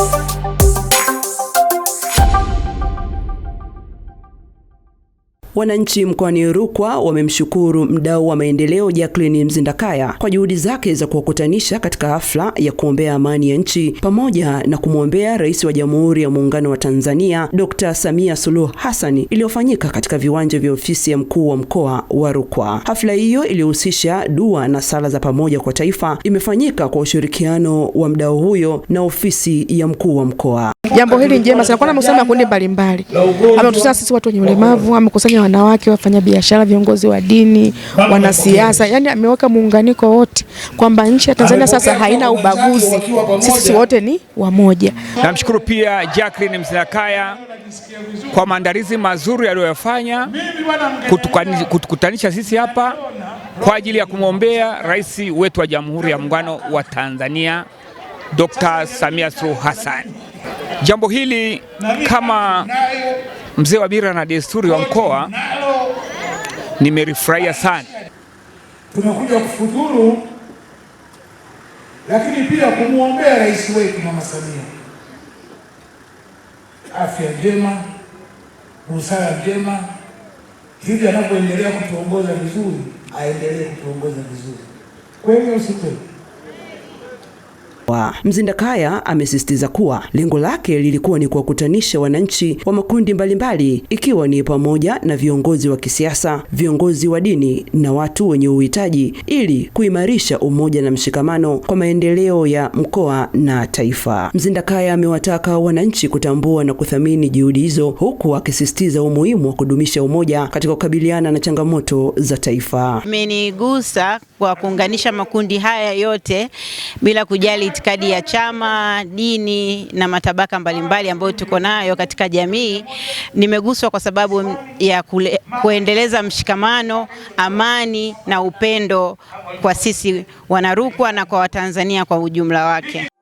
Thank you Wananchi mkoani Rukwa wamemshukuru mdau wa maendeleo Jacqueline Mzindakaya kwa juhudi zake za kuwakutanisha katika hafla ya kuombea amani ya nchi pamoja na kumwombea Rais wa Jamhuri ya Muungano wa Tanzania Dr. Samia Suluhu Hassan iliyofanyika katika viwanja vya ofisi ya mkuu wa mkoa wa Rukwa. Hafla hiyo iliyohusisha dua na sala za pamoja kwa taifa imefanyika kwa ushirikiano wa mdau huyo na ofisi ya mkuu wa mkoa jambo hili njema sana, kwani amekusanya makundi mbalimbali, ametusema sisi watu wenye ulemavu, amekusanya wanawake, wafanya biashara, viongozi wa dini, wanasiasa, yani ameweka muunganiko wote kwamba nchi ya Tanzania sasa haina ubaguzi, sisi wote ni wamoja. Namshukuru pia Jacqueline Msirakaya kwa maandalizi mazuri aliyoyafanya kutukutanisha sisi hapa kwa ajili ya kumwombea rais wetu wa Jamhuri ya Muungano wa Tanzania Dr. Samia Suluhu Hassan. Jambo hili kama mzee wa bira na desturi wa mkoa nimerifurahia sana. Tunakuja kufuturu, lakini pia kumwombea rais wetu Mama Samia afya njema, busara njema, hivi anavyoendelea kutuongoza vizuri, aendelee kutuongoza vizuri, kweli au wa Mzindakaya amesisitiza kuwa lengo lake lilikuwa ni kuwakutanisha wananchi wa makundi mbalimbali mbali, ikiwa ni pamoja na viongozi wa kisiasa, viongozi wa dini na watu wenye uhitaji ili kuimarisha umoja na mshikamano kwa maendeleo ya mkoa na taifa. Mzindakaya amewataka wananchi kutambua na kuthamini juhudi hizo huku akisisitiza umuhimu wa kudumisha umoja katika kukabiliana na changamoto za taifa. Imenigusa kwa kuunganisha makundi haya yote bila kujali itikadi ya chama, dini na matabaka mbalimbali ambayo tuko nayo katika jamii. Nimeguswa kwa sababu ya kule, kuendeleza mshikamano, amani na upendo kwa sisi Wanarukwa na kwa Watanzania kwa ujumla wake.